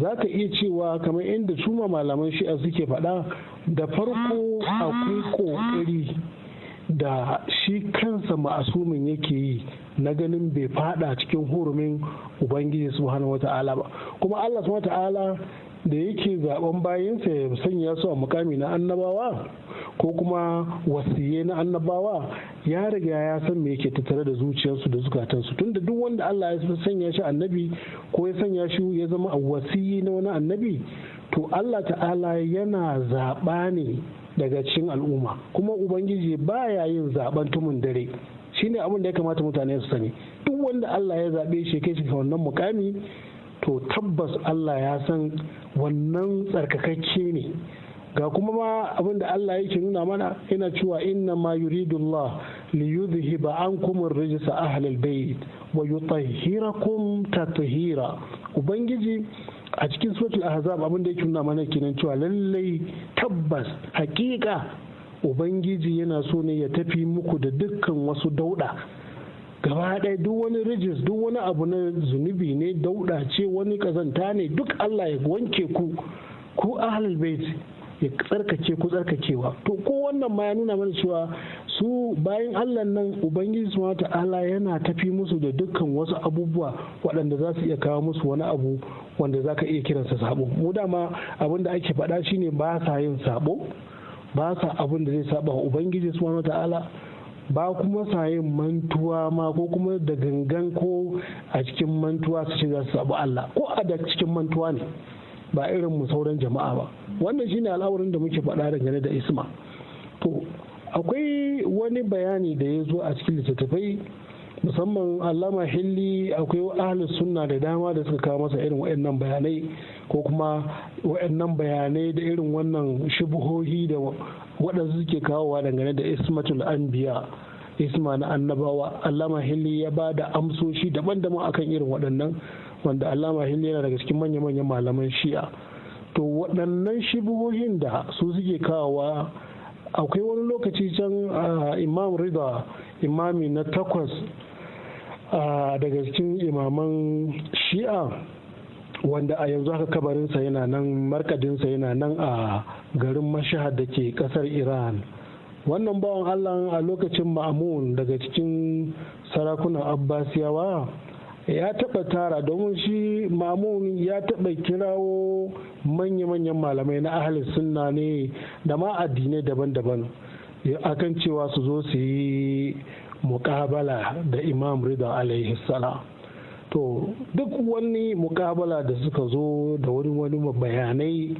za ka iya cewa kamar inda su malaman shi'a suke faɗa da farko akwai ƙoƙari da shi kansa ma'asumin yake yi na ganin bai fada cikin hurumin ubangiji su subhanahu wata'ala ba kuma allah su wata'ala da yake zaben bayansa ya sanya su a mukami na annabawa ko kuma wasiye na annabawa ya riga ya san me yake tattare da zuciyarsu da zukatansu tunda duk wanda Allah ya sanya shi annabi ko ya sanya shi ya zama a wasiyi na wani annabi to Allah ta'ala yana zaɓa ne daga cikin al'umma kuma ubangiji ba ya yin zaɓen tumun dare shine abin da ya kamata mutane su sani duk wanda Allah ya zaɓe shi kai shi wannan mukami to tabbas Allah ya san wannan tsarkakakke ne ga kuma ma abin da Allah yake nuna mana yana cewa inna ma yuridullah li yudhhiba ankum ar-rijsa al bayt wa yutahhirakum tathira ubangiji a cikin suratul ahzab abin da yake nuna mana kenan cewa lallai tabbas hakika ubangiji yana so ne ya tafi muku da dukkan wasu dauda gaba ɗaya duk wani rijis duk wani abu na zunubi ne dauda ce wani kazanta ne duk Allah ya wanke ku ku ahlul bait ya tsarkake ku tsarkakewa to ko wannan ma ya nuna mana cewa su bayan allah nan ubangiji su subhanahu ta'ala yana tafi musu da dukkan wasu abubuwa waɗanda za su iya kawo musu wani abu wanda za ka iya kiransa sabo mu dama abin da ake faɗa shine ba sa yin sabo ba sa abin da zai saba ubangiji ubangiji subhanahu ta'ala ba kuma sa yin mantuwa ma ko kuma da gangan ko a cikin mantuwa su ce za su sabu Allah ko a da cikin mantuwa ne ba irin mu sauran jama'a ba wannan shine al'amarin da muke faɗa gane da isma to akwai wani bayani da ya zo a cikin littattafai musamman allama hilli akwai ahlus sunna da dama da suka kawo masa irin wa'annan bayanai ko kuma wa'annan bayanai da irin wannan shubuhohi da waɗansu suke kawowa dangane da ismatul anbiya isma na annabawa allama hilli ya ba da amsoshi daban-daban akan irin waɗannan wanda allama hilli yana daga cikin manya-manyan malaman shi'a to waɗannan shibuhohin da su suke kawowa akwai wani lokaci can ah, imam rida imami na takwas ah, daga cikin imaman shi'a wanda a yanzu haka kabarinsa yana nan markadinsa yana nan a garin mashahad da ke kasar iran wannan bawan allah a lokacin ma'amun daga cikin sarakunan abbasiyawa ya taɓa tara domin shi mamun ya taɓa kirawo manya-manyan malamai na ahalin sunna ne da ma addinai daban-daban akan cewa su zo su yi muƙabala da imam rida alaihi salam to duk wani muƙabala da suka zo da wani wani bayanai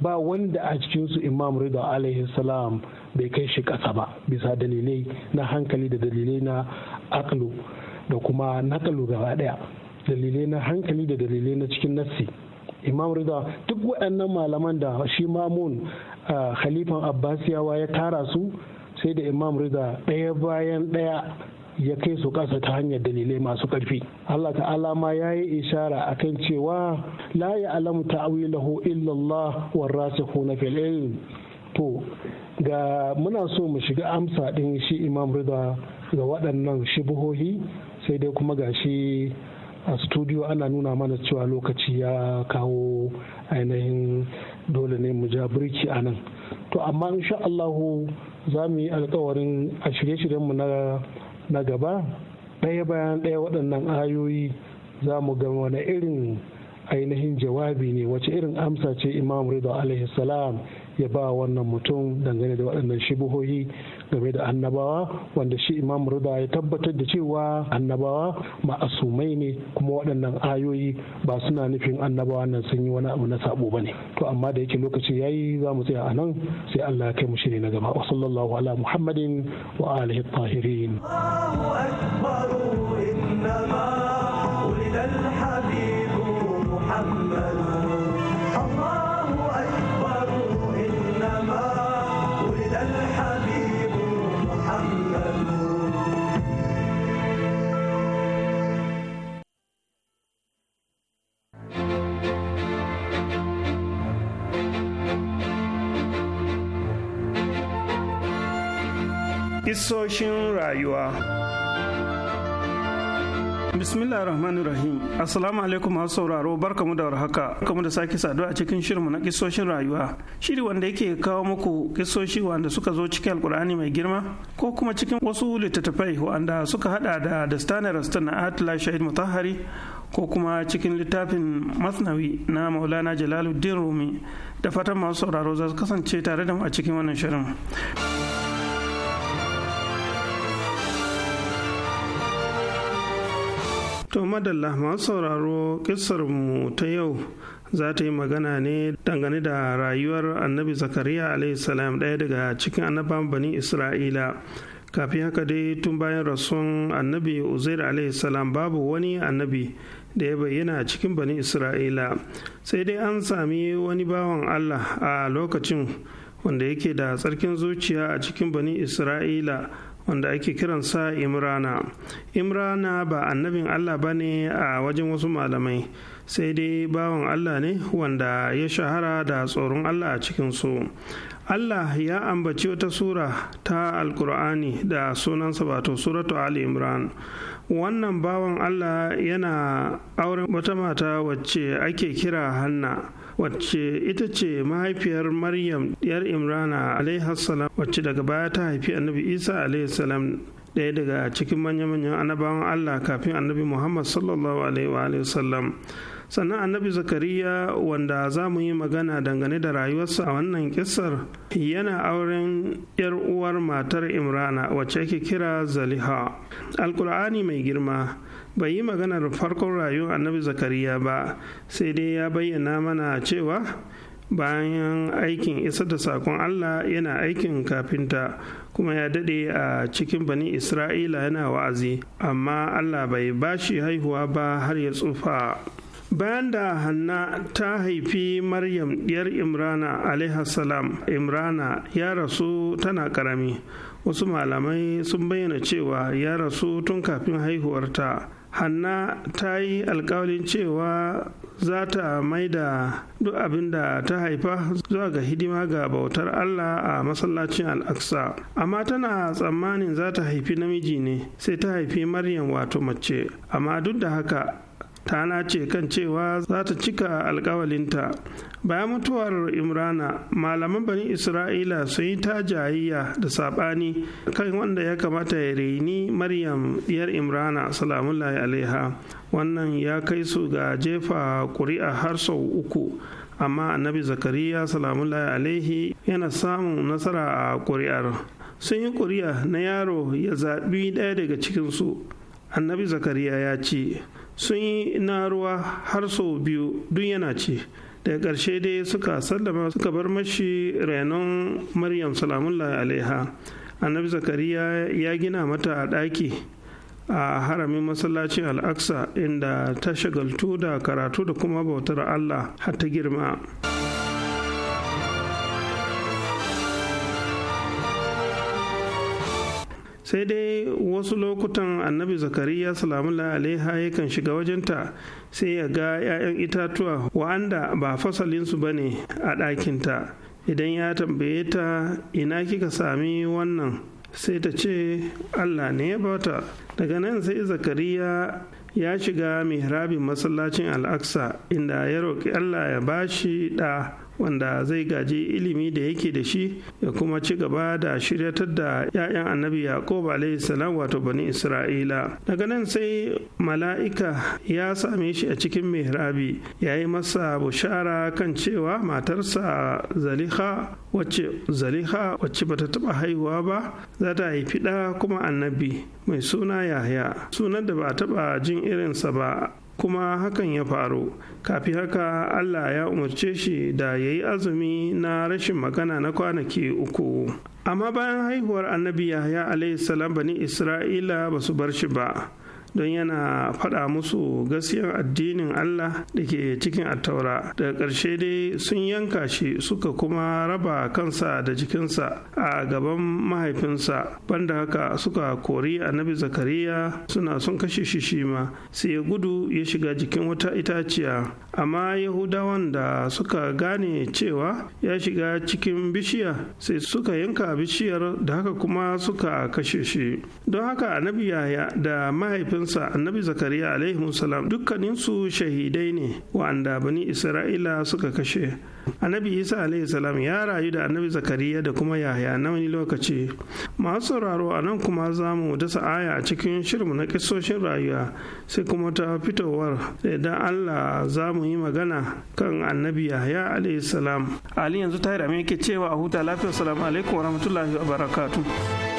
ba wanda a cikinsu imam rida alaihi salam bai kai shi ƙasa ba bisa dalilai na hankali da dalilai na aklu da kuma nakalu gaba daya dalilai na hankali da dalilai na cikin nassi imam rida duk waɗannan malaman da shi mamun khalifan abbasiyawa ya tara su sai da imam rida ɗaya bayan ɗaya ya kai su ƙasa ta hanyar dalilai masu ƙarfi allah ta alama ya yi ishara kan cewa la ya alamu ta'awilahu illallah warrasikhuna na ilm to ga muna so mu shiga amsa ɗin shi imam rida ga waɗannan shibuhohi sai dai kuma gashi a studio ana nuna mana cewa lokaci ya kawo ainihin dole ne mu ja birki a nan to amma insha Allahu za mu yi alkawarin a shirye-shiryenmu na gaba ɗaya bayan ɗaya waɗannan ayoyi za mu ga wani irin ainihin jawabi ne wace irin amsa ce imam rida alaihi salam ya ba wannan mutum dangane da waɗannan shibuhohi game da annabawa wanda shi imam rida ya tabbatar da cewa annabawa ma'asumai ne kuma waɗannan ayoyi ba suna nufin annabawa nan sun yi wani abu na sabo ba ne to amma da yake lokaci ya yi za mu tsaya a nan sai allah ya kai mu shiri na gaba wa sallallahu ala muhammadin wa alihi tahirin Kisoshin rayuwa. Bismillah rahman rahim Assalamu alaikum masu sauraro barkamu da warhaka kamu da sake saduwa a cikin shirinmu na kisoshin rayuwa shiri wanda yake kawo muku kisoshi wanda suka zo cikin alkur'ani mai girma ko kuma cikin wasu littattafai wanda suka hada da dastana rastan na atla shahid mutahari ko kuma cikin littafin masnawi na maulana jalaluddin rumi da fatan masu sauraro za su kasance tare da mu a cikin wannan shirin. to madalla masu sauraro mu ta yau za ta yi magana ne dangane da rayuwar annabi zakariya salam ɗaya daga cikin annaban bani isra'ila kafin haka dai tun bayan rasuwan annabi uzair salam babu wani annabi da ya bayyana cikin bani isra'ila sai dai an sami wani bawan allah a lokacin wanda yake da tsarkin zuciya a cikin bani isra'ila wanda ake kiransa imrana imrana ba annabin allah ba ne a wajen wasu malamai sai dai bawan allah ne wanda ya shahara da tsoron allah a cikinsu allah ya ambaci wata sura ta alkur'ani da sunansa wato suratu ali imran wannan bawan allah yana auren wata mata wacce ake kira hanna wacce ita ce mahaifiyar maryam yar imrana alaihassalam wacce daga baya ta haifi annabi isa alaihissalam ɗaya daga cikin manya-manyan annabawan allah kafin annabi muhammad sallallahu alaihi wasallam sannan annabi zakariya wanda za mu yi magana dangane da rayuwarsa a wannan kisar yana auren yar uwar matar imrana wacce ake kira zaliha alkur'ani mai girma bai yi maganar farkon rayuwar annabi zakariya ba sai dai ya bayyana mana cewa bayan aikin isa da sakon Allah yana aikin kafinta kuma ya daɗe a cikin bani Isra'ila yana wa'azi amma Allah bai bashi haihuwa ba har ya tsufa bayan da hanna ta haifi maryam ɗiyar imrana salam imrana ya rasu tana ƙarami wasu malamai sun bayyana cewa ya rasu tun kafin haihuwarta hanna ta yi alkawalin cewa za ta da duk abin da ta haifa zuwa ga hidima ga bautar Allah a masallacin al'aksa, amma tana tsammanin za ta haifi namiji ne sai ta haifi maryam wato mace amma duk da haka ta nace kan cewa za ta cika alkawalinta bayan mutuwar imrana malaman bani isra'ila sun yi ta jayayya da saɓani kan wanda ya kamata ya reni maryam diyar imrana salamullahi alaiha wannan ya kai su ga jefa ƙuri'a har sau uku amma annabi zakariya salamullahi alaihi yana samun nasara a ƙuri'ar sun yi ƙuri'a na yaro ya zaɓi ɗaya daga cikinsu annabi zakariya ya ce sun yi na ruwa har sau biyu duk yana ce daga ƙarshe dai suka sallama suka bar mashi renon maryam salamullahi alaiha annabi zakariya ya gina mata a ɗaki a haramin masallacin al'aksa inda ta shagaltu da karatu da kuma bautar allah har ta girma sai dai wasu lokutan annabi zakariya salamu alaiha yakan shiga wajenta sai ya ga 'ya'yan itatuwa wa'anda ba fasalinsu ba ne a ɗakinta idan ya tambaye ta ina kika sami wannan sai ta ce allah ne ya bata daga nan sai zakariya ya shiga mihrabin masallacin al'aksa inda ya roƙi allah ya bashi ɗa wanda zai gaji ilimi da yake da shi ya kuma ci gaba da shiryatar da 'ya'yan annabi yaqub alaihi salam wato bani isra'ila daga nan sai mala'ika ya same shi a cikin mihrabi ya yi masa bushara kan cewa matarsa zaliha wacce zaliha wacce bata taba haihuwa ba za ta haifi ɗa kuma annabi mai suna yahya sunan da ba taba jin irinsa ba kuma hakan ya faru kafin haka Allah ya umarce shi da ya yi azumi na rashin magana na kwanaki uku amma bayan haihuwar annabi yahya alaihi salam bani isra'ila ba su bar shi ba don yana faɗa musu gaskiyar addinin Allah da ke cikin attaura daga ƙarshe dai sun yanka shi suka kuma raba kansa da jikinsa a gaban mahaifinsa banda haka suka kori annabi zakariya suna sun kashe shi shi ma sai ya gudu ya shiga jikin wata itaciya amma yahudawan da suka gane cewa ya shiga cikin bishiya sai suka yanka bishiyar da haka kuma suka kashe shi don haka annabi yaya da mahaifinsa mahaifinsa annabi zakariya alaihi salam dukkaninsu shahidai ne wa'anda bani isra'ila suka kashe annabi isa alaihi salam ya rayu da annabi zakariya da kuma yahaya na wani lokaci masu sauraro a nan kuma za mu dasa aya a cikin shirmu na kisoshin rayuwa sai kuma ta fitowar idan allah za mu yi magana kan annabi yahaya alaihi salam ali yanzu ta yi amin ke cewa a huta lafiya salamu alaikum wa barakatuh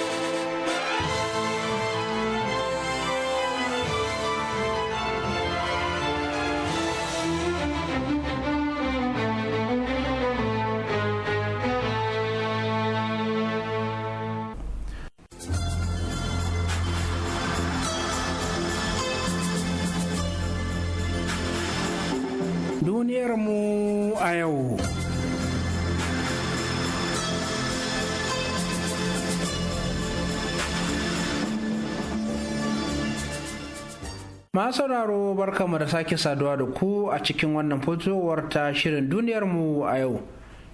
sauraro barkamu da sake saduwa da ku a cikin wannan fitowar ta shirin duniyarmu a yau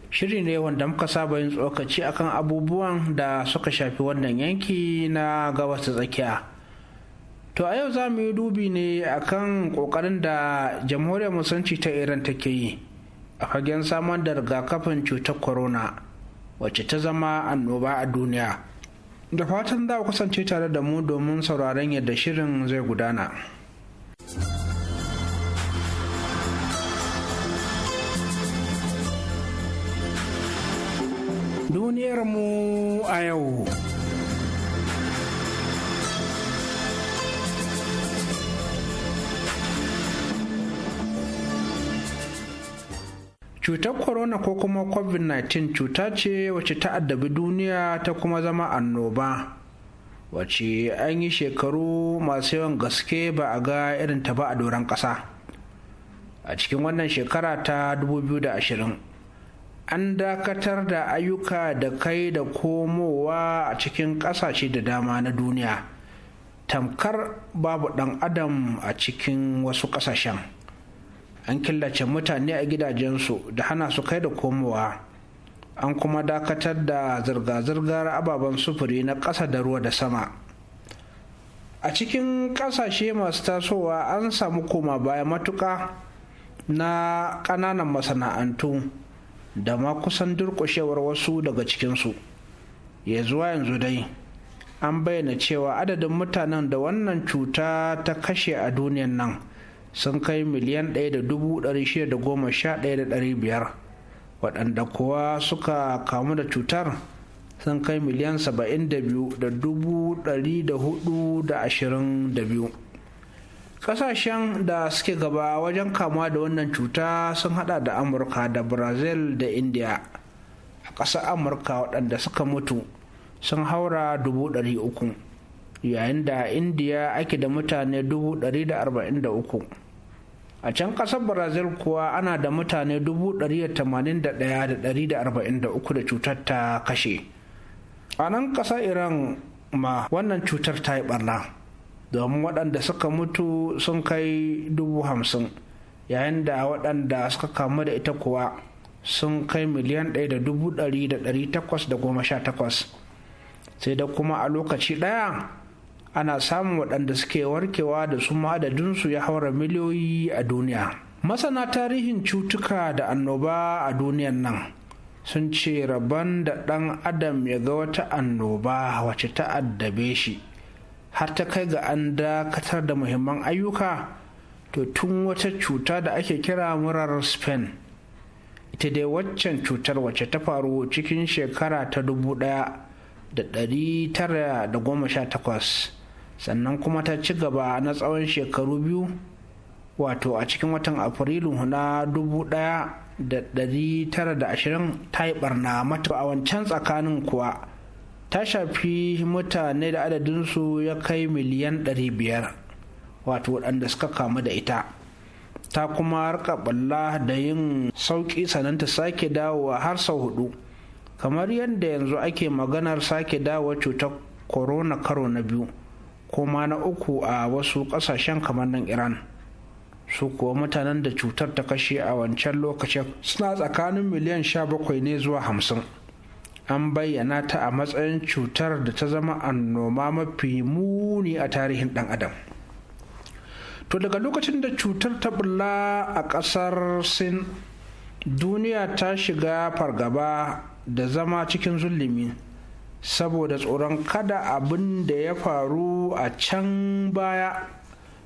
shiri ne wanda muka saba yin tsokaci akan abubuwan da suka shafi wannan yanki na gabas ta tsakiya to a yau za mu yi dubi ne akan kokarin da jamhuriyar musanci ta iran take yi a fagen samar da rigakafin cutar corona wacce ta zama annoba a duniya da fatan za ku kasance tare da mu domin sauraron yadda shirin zai gudana. duniyarmu a yau. cutar corona ko kuma covid-19 cuta ce wacce ta addabi duniya ta kuma zama annoba wacce an yi shekaru masu yawan gaske ba a ga irin ta ba a doron ƙasa a cikin wannan shekara ta 2020 an dakatar da ayyuka da kai da komowa a cikin ƙasashe da dama na duniya tamkar babu ɗan adam a cikin wasu ƙasashen an killace mutane a gidajensu da hana su kai da komowa an kuma dakatar da zirga-zirgar ababen sufuri na ƙasa da ruwa da sama a cikin ƙasashe masu tasowa an samu koma baya matuƙa na ƙananan masana'antu da ma kusan durƙushewar wasu daga cikinsu ya zuwa yanzu dai an bayyana cewa adadin mutanen da wannan cuta ta kashe a duniyan nan sun kai miliyan 1,611,500 waɗanda kuwa suka kamu da cutar sun kai miliyan 72,422 kasashen da suke gaba wajen kamuwa da wannan cuta sun hada da amurka da brazil da india a ƙasar amurka waɗanda suka mutu sun haura dubu ɗari uku yayin da indiya ake da mutane dubu ɗari da arba'in da uku a can ƙasar brazil kuwa ana da mutane dubu ɗari da tamanin da ɗaya da ɗari da arba'in da uku da cutar ta kashe a nan ƙasar iran ma wannan cutar ta yi ɓarna domin waɗanda suka mutu sun kai dubu hamsin yayin da waɗanda suka kamu da ita kuwa sun kai miliyan ɗaya da dubu ɗari da ɗari takwas da goma sha takwas sai da kuma a lokaci ɗaya ana samun waɗanda suke warkewa da su adadinsu ya haura miliyoyi a duniya masana tarihin cutuka da annoba a duniyan nan sun ce rabon da ɗan adam ya ga wata annoba wacce ta addabe shi har ta kai ga an dakatar da muhimman ayyuka to tun wata cuta da ake kira murar spain ita dai waccan cutar wacce ta faru cikin shekara ta dubu ɗaya da ɗari tara da goma sha takwas sannan kuma ta ci gaba na tsawon shekaru biyu wato a cikin watan afrilu na dubu ɗaya da ɗari tara da ashirin ta yi ɓarna mata a wancan tsakanin kuwa ta shafi mutane da adadinsu ya kai miliyan 500 wato waɗanda suka kamu da ita ta kuma harka balla da yin sauƙi sananta ta sake dawowa har sau hudu kamar yadda yanzu ake maganar sake dawo cutar corona karo na biyu kuma na uku a wasu ƙasashen kamar nan iran su kuwa mutanen da cutar ta kashe a wancan lokacin suna tsakanin miliyan 17 ne zuwa hamsin. an bayyana ta a matsayin cutar da ta zama annoma mafi muni a tarihin ɗan adam to daga lokacin da cutar ta bula a ƙasar sin duniya ta shiga fargaba da zama cikin zulumi saboda tsoron kada abin da ya faru a can baya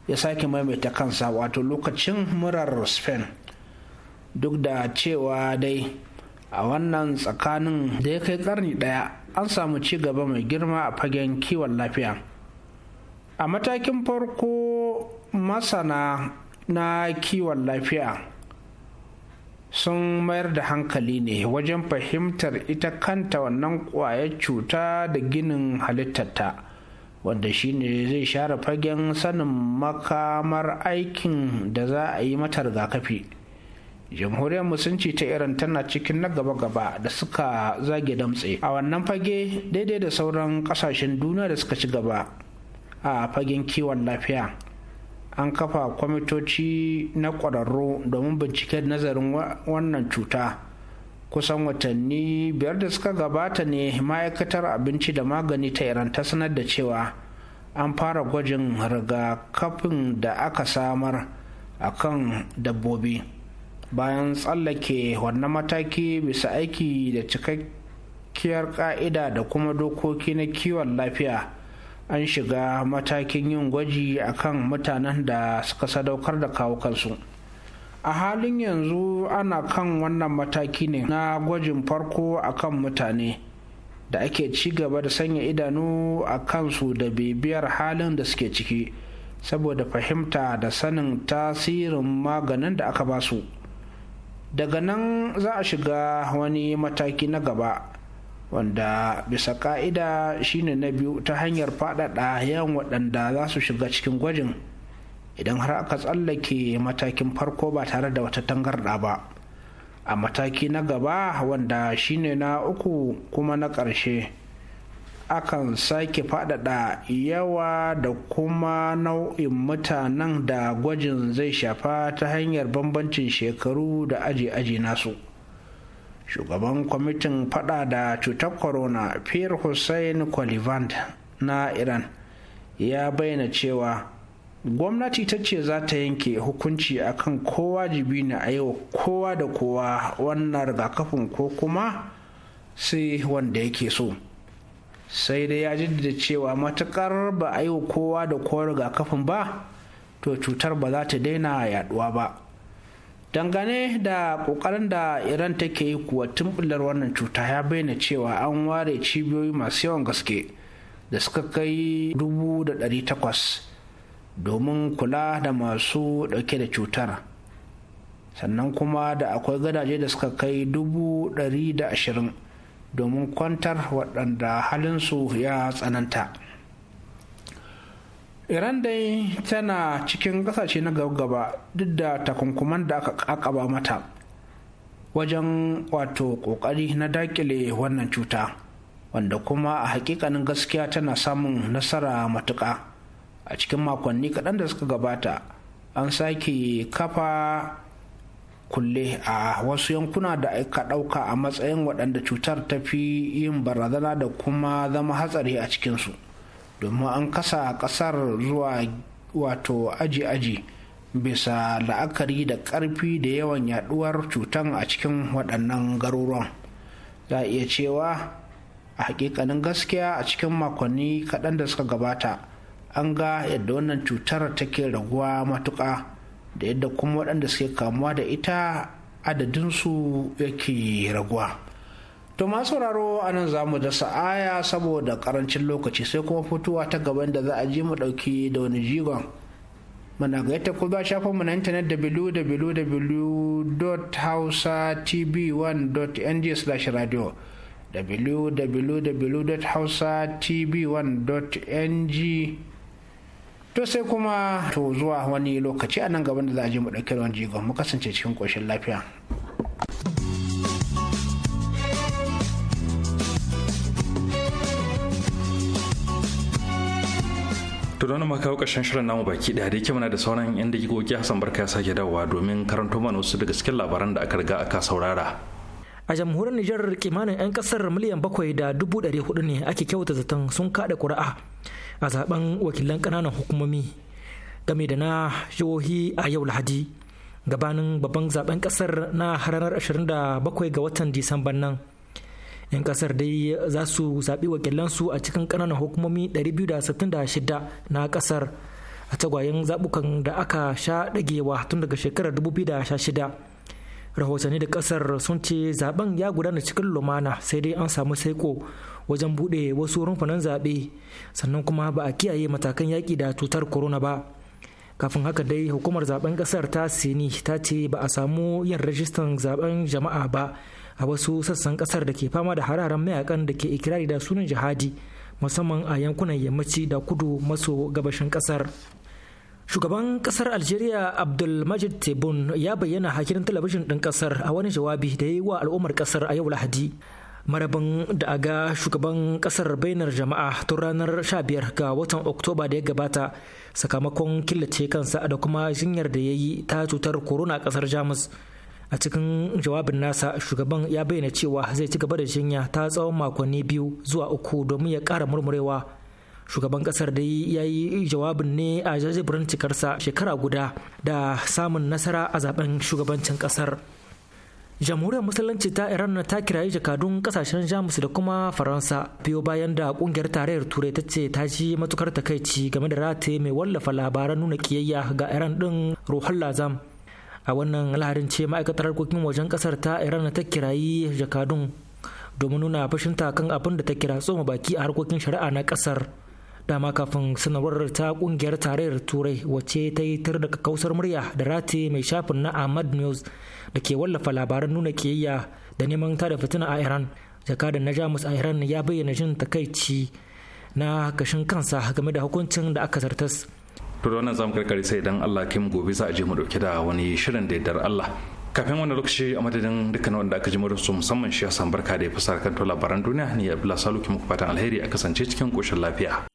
ya sake maimaita kansa wato lokacin murar spain duk da cewa dai a wannan tsakanin da ya kai karni daya an samu ci gaba mai girma a fagen kiwon lafiya a matakin farko masana na kiwon lafiya sun mayar da hankali ne wajen fahimtar ita kanta wannan kwayar cuta da ginin halittarta wanda shine zai share fagen sanin makamar aikin da za a yi mata rigakafi jamhuriyar Musunci ta iran tana cikin na gaba-gaba da suka zage damtse a wannan fage daidai da sauran kasashen duniya da suka ci gaba a fagen kiwon lafiya an kafa kwamitoci na ƙwararru domin binciken nazarin wannan cuta kusan watanni biyar da suka gabata ne ma'aikatar abinci da magani ta iran ta sanar da cewa an fara gwajin rigakafin da aka samar a kan dabbobi bayan tsallake wannan mataki bisa aiki da cikakkiyar ka'ida da kuma dokoki na kiwon lafiya an shiga matakin yin gwaji a kan mutanen da suka sadaukar da kawo kansu a halin yanzu ana kan wannan mataki ne na gwajin farko a kan mutane da ake ci gaba da sanya idanu a kansu da bibiyar halin da suke ciki saboda fahimta da sanin tasirin maganin da aka basu. daga nan za a shiga wani mataki na gaba wanda bisa ka'ida shine na biyu ta hanyar faɗaɗa yawan waɗanda za su shiga cikin gwajin idan har aka tsallake matakin farko ba tare da wata tangarɗa ba a mataki na gaba wanda shine na uku kuma na ƙarshe akan sake faɗaɗa yawa da kuma nau'in mutanen da gwajin zai shafa ta hanyar bambancin shekaru da aji-aji nasu shugaban kwamitin fada da cutar corona pierre hussein colivant na iran ya bayyana cewa gwamnati ta ce za ta yanke hukunci akan kowa jibi na a yau kowa da kowa wannan rigakafin ko kuma sai wanda yake so. sai dai ya jaddada cewa matukar ba a yi wa kowa da kowa rigakafin ba to cutar ba za ta daina yaduwa ba dangane da ƙoƙarin da iran take yi kuwa tumbular wannan cuta ya bayyana cewa an ware cibiyoyi masu yawan gaske da suka kai takwas domin kula da masu dauke da cutar sannan kuma da akwai gadaje da suka kai dubu da ashirin. domin kwantar waɗanda halinsu ya tsananta iran dai tana cikin ƙasashe na gaba duk da takunkuman da aka ƙaƙaba mata wajen wato ƙoƙari na dakile wannan cuta wanda kuma a hakikanin gaskiya tana samun nasara matuƙa a cikin makonni kaɗan da suka gabata an sake kafa kulle a wasu yankuna da aka ɗauka a matsayin waɗanda cutar ta fi yin barazana da kuma zama hatsari a cikinsu domin an kasa ƙasar zuwa wato aji-aji bisa la'akari da ƙarfi da yawan yaɗuwar cutan a cikin waɗannan garuruwan za iya cewa a hakikanin gaskiya a cikin makonni kaɗan da suka gabata an ga yadda wannan cutar take raguwa matuƙa da yadda kuma waɗanda suke kamuwa da ita adadinsu yake raguwa to ma sauraro a nan za mu dasa aya saboda karancin lokaci sai kuma fitowa ta gaban da za a je mu ɗauki da wani jigon mana ga yadda kuma shafin mu na intanet www.hausatv1.ng/radio www.hausatv1.ng to sai kuma to zuwa wani lokaci a nan gaban da za a je mu ɗauki rawan jigon mu kasance cikin ƙoshin lafiya To don ma kawo ƙarshen shirin namu baki ɗaya dai muna da sauran yan dakikoki hasan Barka ya sake dawowa domin karanto mana wasu daga cikin labaran da aka riga aka saurara. A jamhuriyar Nijar kimanin 'yan kasar miliyan bakwai da dubu ɗari hudu ne ake kyauta zaton sun kaɗa ƙuri'a a zaben wakilan ƙananan hukumomi game da na jihohi a yau lahadi gabanin babban zaben ƙasar na ranar 27 ga watan disamban nan 'yan kasar dai za su zaɓi wakilansu a cikin ƙananan hukumomi 266 na ƙasar a tagwayen zaɓukan da aka sha ɗagewa tun daga shekarar 2016 rahotanni da kasar sun ce zaben ya gudana cikin lumana sai dai an samu saiko wajen bude wasu rumfunan zaɓe sannan kuma ba a kiyaye matakan yaƙi da cutar corona ba kafin haka dai hukumar zaben kasar ta sini ta ce ba a samu yin rajistan zaben jama'a ba a wasu sassan kasar da ke fama da hararen mayakan da ke ikirari da sunan jihadi musamman a yankunan yammaci da kudu maso gabashin kasar shugaban kasar algeria abdulmajid tebun ya bayyana hakirin talabijin ɗin kasar a wani jawabi da ya yi wa al'ummar kasar a yau lahadi marabin da ga shugaban kasar bainar jama'a tun ranar 15 ga watan oktoba da ya gabata sakamakon killace kansa da kuma jinyar da ya yi ta cutar corona a kasar jamus a cikin jawabin nasa shugaban ya bayyana cewa zai ci gaba da jinya ta tsawon makonni biyu zuwa uku domin ya kara murmurewa shugaban kasar dai ya yi jawabin ne a jajiburin cikarsa shekara guda da samun nasara a zaben shugabancin kasar jamhuriyar musulunci ta iran ta kirayi jakadun kasashen jamus da kuma faransa biyo bayan da kungiyar tarayyar turai ta ce ta ji matukar takaici game da rataye mai wallafa labaran nuna kiyayya ga iran din ruhul lazam a wannan laharin ce ma'aikatar harkokin wajen kasar ta iran ta kirayi jakadun domin nuna fashinta kan abin da ta kira tsoma baki a harkokin shari'a na kasar dama kafin sanarwar ta kungiyar tarayyar turai wace ta yi tar da kausar murya da rati mai shafin na ahmad news da ke wallafa labaran nuna kiyayya da neman tada fitina a iran jakadan na jamus a iran ya bayyana jin takaici na kashin kansa game da hukuncin da aka zartas to da wannan zamu karkare sai idan Allah kim gobe za a je mu dauke da wani shirin da yardar Allah kafin wannan lokaci a madadin dukkan wanda aka ji su musamman shi a Barka da ya kan labaran duniya ne Abdullahi Salu ki muku fatan alheri a kasance cikin koshin lafiya